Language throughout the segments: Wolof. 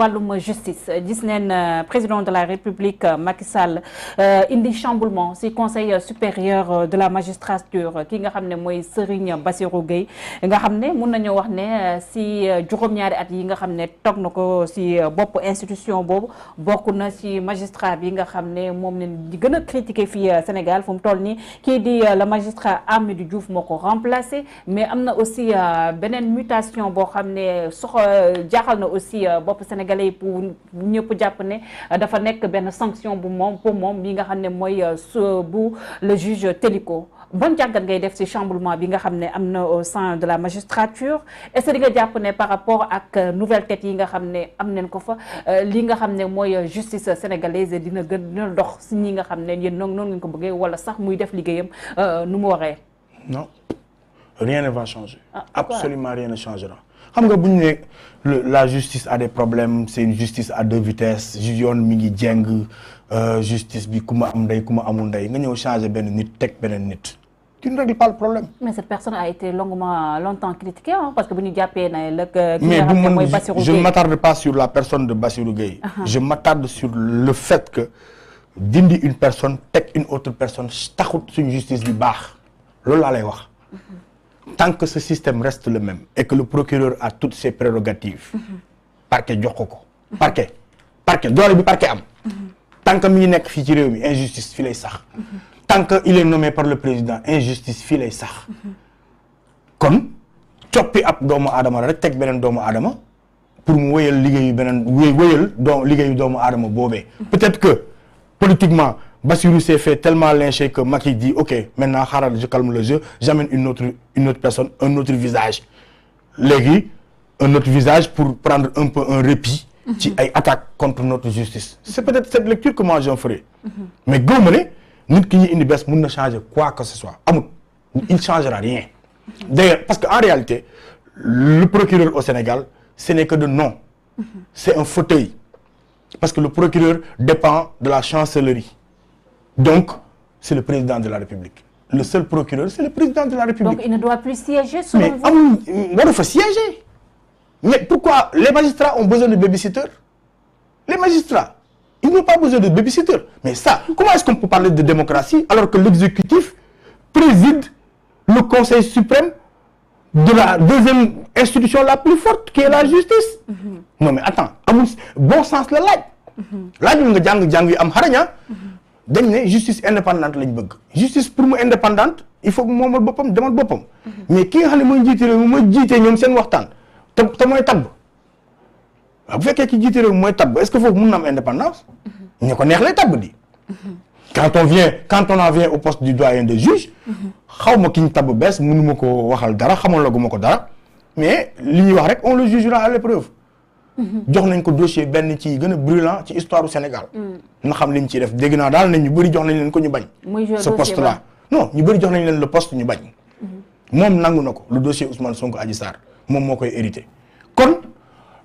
wàllum justice gis neen euh, président de la république euh, Macky Sall euh, indi chamboulement ci conseil supérieur de la magistrature ki nga xam ne mooy Serigne Bassirou Gueye nga xam ne mun nañoo wax ne ci juróom-ñaari at yi nga xam ne toog na ko ci bopp institution boobu bokk na magistrat bi nga xam ne moom ne di gën a critiquer fii Sénégal fu mu toll nii kii di le magistrat Hamidou Diouf moo ko remplacé mais am na aussi beneen mutation boo xam ne sox jaaxal na aussi sénégalais yi pour ñëpp jàpp ne dafa nekk benn sanction bu moom moom bi nga xam ne mooy euh, bu le juge Téliko bon jàngat ngay def ci chamboulement bi nga xam ne am na au de la magistrature est-ce que jàpp ne par rapport ak euh, nouvelle tête yi nga xam ne am nañ ko fa euh, li nga xam ne mooy justice sénégalaise dina gën dina dox si ñi nga xam ne yéen noonu noonu ngeen ko bëggee walla sax muy def liggéeyam nu mu waree. non rien ne va changer. Ah, absolument rien ne changera. xam nga bu ñu ne la justice a des problèmes c'est une justice à deux vitesses yoon mi ngi jeng euh, justice bi ku ma am ndey ku ma amul ndey nga ñëw changer benn nit teg beneen nit. tu ne règles pas le problème. mais cette personne a été longuement longtemps critiquée hein, parce que bu ñu jàppee ne la. Euh, mais du man je ne m'attarde pas sur la personne de Bassirou Gueye. Uh-huh. je m'attarde sur le fait que dindi une personne teg une autre personne taxut suñu justice bi baax loolu laa lay wax. Uh-huh. tant que ce système reste le même et que le procureur a toutes ses prérogatives parquet jox ko ko parquet parquet doole bi parquet am tant que mi nekk fii ci réew mi injustice fii lay sax tant que il est nommé par le président injustice fii lay sax kon coppi ab doomu adama la rek teg beneen doomu aadama pour mu wéyal liggéeyu beneen wéyal doo liggéeyu doomu aadama boobee peut-être que politiquement Bassirou s'est fait tellement lyncher que Macky dit ok maintenant xaaral je calme le jeu j'amène une autre une autre personne un autre visage léegi un autre visage pour prendre un peu un répit ci mhm. ay attaques contre notre justice c'est peut-être cette lecture que moi j'en ferai mhm. mais gëw ma ne nit ki ñuy indi bees na changer quoi que ce soit amul il changera rien mhm. d'ailleurs parce que en réalité le procureur au Sénégal ce n'est que de nom c'est un fauteuil parce que le procureur dépend de la chancellerie Donc, c'est le président de la République. Le seul procureur, c'est le président de la République. Donc, il ne doit plus siéger, selon mais, vous Mais il faut siéger. Mais pourquoi les magistrats ont besoin de babysitter Les magistrats, ils n'ont pas besoin de babysitter. Mais ça, comment est-ce qu'on peut parler de démocratie alors que l'exécutif préside le Conseil suprême de la deuxième institution la plus forte, qui est la justice mm -hmm. Non mais attends, bon sens le laaj. Mhm. Laaj nga jàng jàng am xaraña ah. mhm. dañ ne justice indépendante lañ bëgg justice pour mu indépendante il faut moomal boppam demal boppam. Mhm. mais ki nga xam ne mooy jiite réew mi mooy jiite ñoom seen waxtaan te te mooy tabb waaw bu fekkee ki jiite rek mooy tabb est-ce que foofu mun na am indépendance. Mhm. ko neex lay tabb di. Mhm. quand on vient quand on en vient au poste du doyen des juges. xaw ma ki ñu tabb bees mënu ma ko waxal dara xamal la gu ko dara mais li ñuy wax rek on le jugera à l'épreuve jox nañ ko dossier benn ci gën a brûlant ci histoire Sénégal. Mm. na xam li mu ciy def dégg naa daal nañ ñu bëri jox nañ leen ko ñu bañ. ce poste là non ñu bëri jox nañ leen le poste ñu bañ. Mm-hmm. moom nangu na ko le dossier Ousmane Sonko Adji saar moom moo koy hérité kon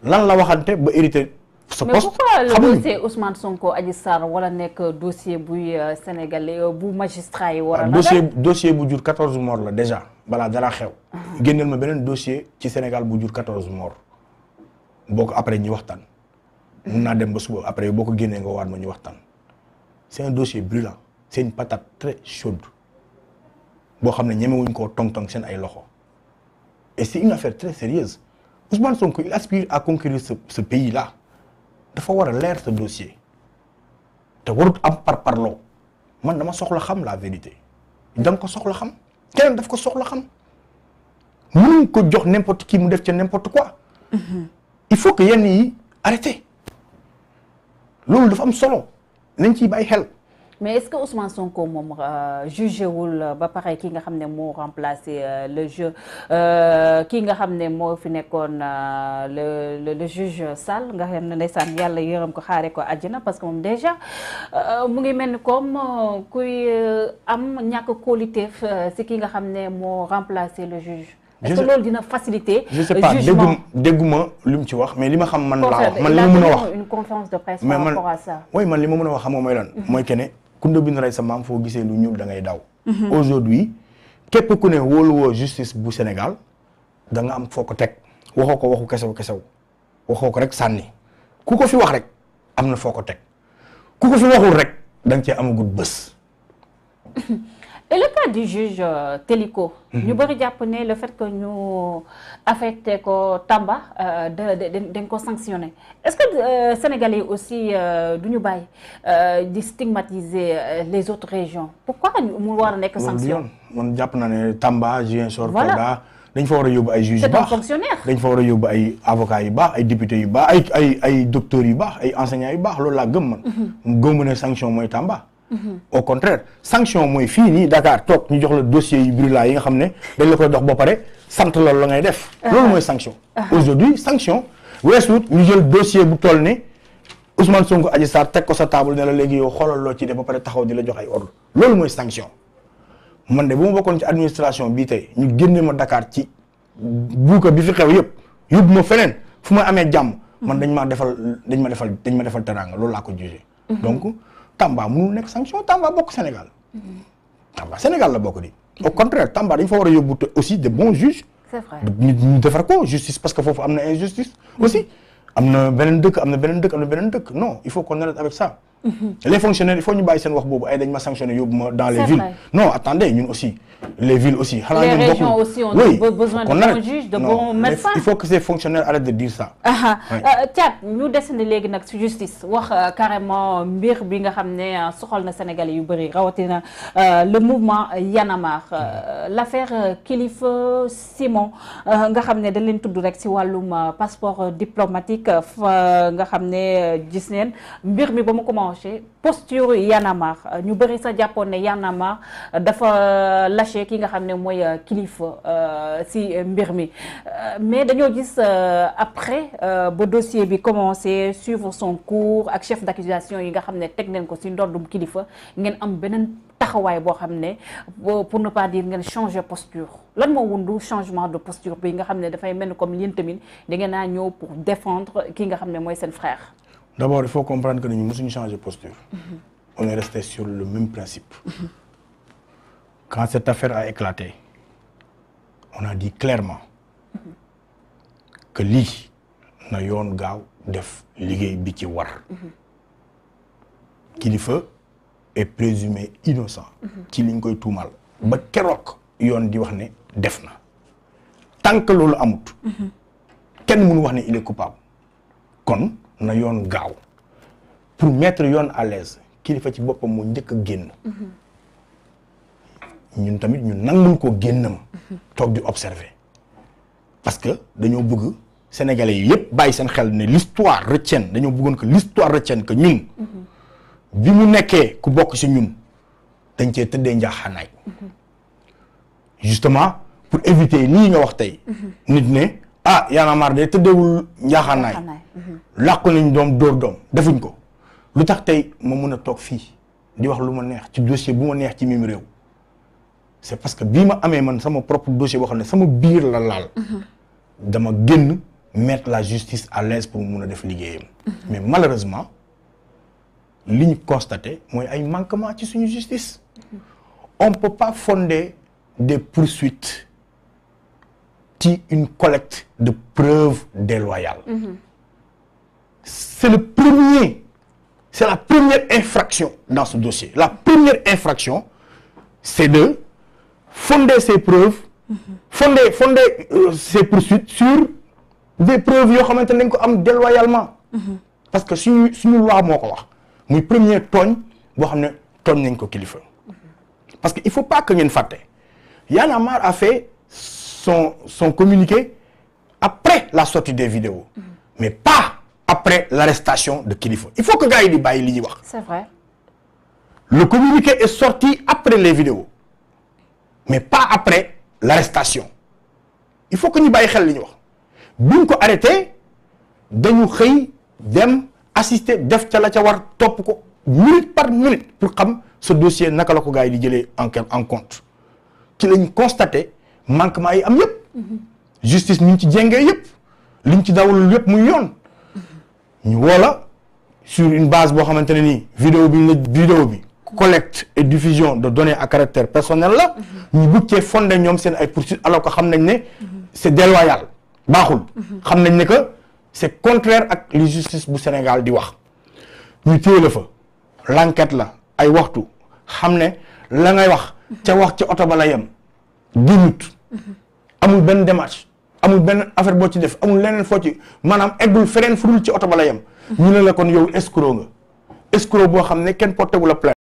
lan la waxante ba hérité. sa poste mais pourquoi le dossier Ousmane Sonko Adji Sarr wala nekk dossier buy euh, sénégalais euh, bu magistrat yi war a. Ah, dossier bu jur 14 morts la déjà balaa dara xew. Ah. génneel ma beneen dossier ci Sénégal bu jur 14 morts. boo ko après ñu waxtaan. mun naa dem ba suba après boo ko génnee nga waat ma ñu waxtaan. c'est un dossier brûlant c'est une patate très boo xam ne ñemewuñ koo tong-tong seen ay loxo et c'est une affaire très sérieuse Ousmane Sonko il aspire à conquérir ce, ce pays là dafa war a leer sa dossier te warut am par par parloo man dama soxla xam la vérité da nga ko soxla xam keneen daf ko soxla xam mënuñ ko jox n'importe qui mu def ca n'importe quoi. Mm-hmm. il faut que yenn yi arrêté loolu dafa am solo nañ ciy bàyyi xel. mais est-ce que Ousmane Sonko moom euh, jugé wul euh, ba pare ki nga xam ne moo remplacé euh, le jeu ki nga xam ne moo fi nekkoon le le juge Sall nga xam ne ndeysaan yàlla yërëm ko xaaree ko àjjana parce que moom déjà mu ngi mel ni comme kuy am ñàkk kóoliteef si ki nga xam ne moo remplacé le juge. est-ce que loolu dina faciliter. je euh, pas dégguma dégguma lu mu ci wax mais li ma xam man. laa man li ma mën a wax une conférence de presse par rapport à ça. oui man li xam nga mooy lan. Mhm. mooy que ne kunda rey sa maam foo gisee lu ñuul da ngay daw. Mhm. aujourd'hui képp ku ne wóoluwoo justice bu Sénégal danga am foo ko teg waxoo ko waxu kesew kesew waxoo ko rek sànni ku ko fi wax rek am na foo ko teg ku ko fi waxul rek da nga cee amagut bës. et le cas du juge euh, Téliko mhm. ñu bëri jàpp ne le fait que ñu affecté ko Tamba euh, da dañ ko sanctionné est-ce que euh, Sénégalais aussi du ñu bàyyi di stigmatiser les autres régions pourquoi mu war a nekk sanction man jàpp naa ne Tamba Ziguinchor Kolda dañ fa war a yóbbu ay juges ba baax dañ fa war a yóbbu ay avocats yu baax ay députés yu baax ay ay ay docteurs yu baax ay enseignants yu baax lo laa gëm man mhm. gëmu sanction mooy Tamba au contraire sanction mooy fii nii Dakar toog ñu jox la dossier yu brûlants yi nga xam ne dañ la koy dox ba pare sant loolu la ngay def. Ah. loolu mooy sanction. Ah. aujourd'hui sanction weesuut ñu jël dossier bu toll ne Ousmane Sonko Adji Sarr teg ko sa table ne la léegi yow xoolal loo ci def ba pare taxaw di la jox ay ordre loolu mooy sanction man de bu ma bokkoon ci administration bii tey ñu génne ma Dakar ci buuka bi fi xew yëpp yóbbu ma feneen fu ma amee jàmm. man dañ maa defal dañ ma defal dañ ma defal teraanga loolu laa ko jugé mm-hmm. donc. Tamba mu nekk sanction Tamba bokk Sénégal. Tamba Sénégal la bokk di. au contraire Tamba dañ fa war a yóbbu aussi de bons juges. c'est vrai ñu justice parce que foofu am na injustice. aussi mm-hmm. am na beneen dëkk am na beneen dëkk am na beneen dëkk non il faut qu'on arrête avec ça. Mm-hmm. les fonctionnaires il faut ñu bàyyi seen wax boobu ay dañ ma sanctionné yóbbu ma dans les villes non attendez ñun aussi les villes aussi xanaa régions aussi on a besoin de bons juges de bons médecins il faut que ces fonctionnaires arrêtent de dire ça ah, ah. Euh, Thiat ñu desandi léegi nag si justice wax euh, carrément mbir bi nga xam ne euh, soxal na Sénégalais yu bëri rawatina le mouvement Y'en a marre l'affaire Kilifeu Simon nga xam ne dañ leen tudd rek si wàllum passeport diplomatique nga xam ne gis neen mbir mi ba tranché posture Y'en ñu bëri sa jàppoon ne Y'en a marre dafa euh, lâché ki nga xam ne mooy euh, kilifa euh, si mbir mi mais dañoo gis après ba dossier bi commencé suivre son cours ak chef d'accusation yi nga xam ne teg nañ ko si ndoddum kilifa ngeen am beneen taxawaay boo xam ne pour ne pas dire ngeen changer posture lan moo wundu changement de posture bi nga xam ne dafay mel ni comme yéen tamit da ngeen ñëw pour défendre ki nga xam ne mooy seen frère d' abord il faut comprendre que ñu mësuñu changer posture. Mm-hmm. on est resté sur le même principe. Mm-hmm. quand cette affaire a éclaté on a dit clairement mm-hmm. que lii na yoon gaaw def liggéey bi ci war. kilifa est présumé innocent. ci liñ koy tuumaal. ba keroog yoon di wax ne def na tant que loolu amut. kenn mënu wax ne il est coupable kon. na yoon gaaw pour mettre yoon à kilifa ci boppam moo njëkk a génn ñun tamit ñu nangul ko génnam toog di observer parce que dañoo bëgg sénégalais yi yëpp bàyyi seen xel ne l'histoire retienne dañoo buggoon ko l'histoire retienne que ñun bi mu nekkee ku bokk ci ñun dañ cee tëddee njaaxaanaay mhm. justement pour yi nii nga wax tey mhm. nit ne ah Y'en a marre de tëddeewul njaaxaanaay mhm. làqu nañ doom dóor doom defuñ ko lu tax tey ma mën a toog fii di wax lu ma neex ci dossier bu ma neex ci mim réew c'est parce que bii ma amee man sama propre dossier boo xam ne sama biir la laal mhm. dama génn mettre la justice à l'aise pour mu mun a def liggéeyam mhm. mais malheureusement liñ ñu constaté mooy ay manquement ci suñu justice on peut pas fonder des poursuites ci une collecte de preuves déloyales. Mmh. C'est le premier, c'est la première infraction dans ce dossier. La première infraction, c'est de fonder ces preuves, mmh. fonder, fonder euh, ces poursuites sur des preuves yoo xamante ne dañ ko am déloyalement. Mm-hmm. parce que suñu suñu loi moo ko wax muy premier tooñ boo xam ne tooñ nañ ko kilifa. Mm-hmm. parce que faut pas que ngeen fàtte Y'en a marre a fait son sont communiquées après la sortie des vidéos, mm -hmm. mais pas après l'arrestation de Kilifo. Il faut que Gaïdi Baye l'ignoire. C'est vrai. Le communiqué est sorti après les vidéos, mais pas après l'arrestation. Il faut que ni nous baye xel l'ignoire. Buñ ko arrêté, dañu xey dem assister def ci la ca war top ko minute par minute pour xam ce dossier naka la ko gaay di jëlé en en compte. Ci lañ constater manquement yi am yëpp. justice ñu ci jéngee yëpp liñ ci dawul yépp muy yoon. ñu woo la sur une base boo xamante ne nii vidéo bi ñu la bi. collecte et diffusion de données à caractère personnel la. Mhm. ñu bëgg fonde ñoom seen ay poursuites alors que xam nañ ne. c' est déloyal baaxul. Mhm. xam nañ ne que est contraire ak li justice bu Sénégal di wax. ñu téye fa l' la ay waxtu xam ne la ngay wax. ca wax ca oto ba la yem dix amul benn démarche amul benn affaire boo ci def amul leneen foo ci maanaam eggul feneen furul ci oto ba la yem. Mm-hmm. ñu ne la kon yow escroc nga escroc boo xam ne kenn porté wu la